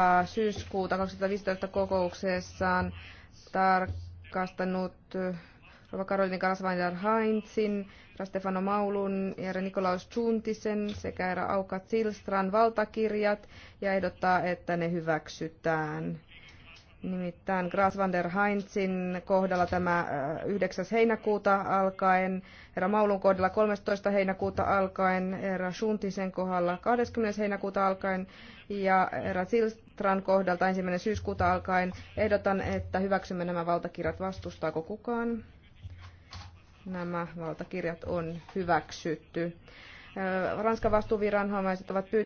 Äh, syyskuuta 2015 kokouksessaan tarkastanut äh, Rova Karolin Kalasvainer Heinzin, Rastefano Maulun Jere Nikolaus Chuntisen sekä Eera Auka Silstran valtakirjat ja ehdottaa, että ne hyväksytään. Nimittäin Gras van der Heinzin kohdalla tämä 9. Äh, heinäkuuta alkaen, herra Maulun kohdalla 13. heinäkuuta alkaen, herra Schuntisen kohdalla 20. heinäkuuta alkaen ja herra Silstran kohdalta 1. syyskuuta alkaen. Ehdotan, että hyväksymme nämä valtakirjat. Vastustaako kukaan? Nämä valtakirjat on hyväksytty. Äh, Ranskan vastuuviranhaamaiset ovat pyytäneet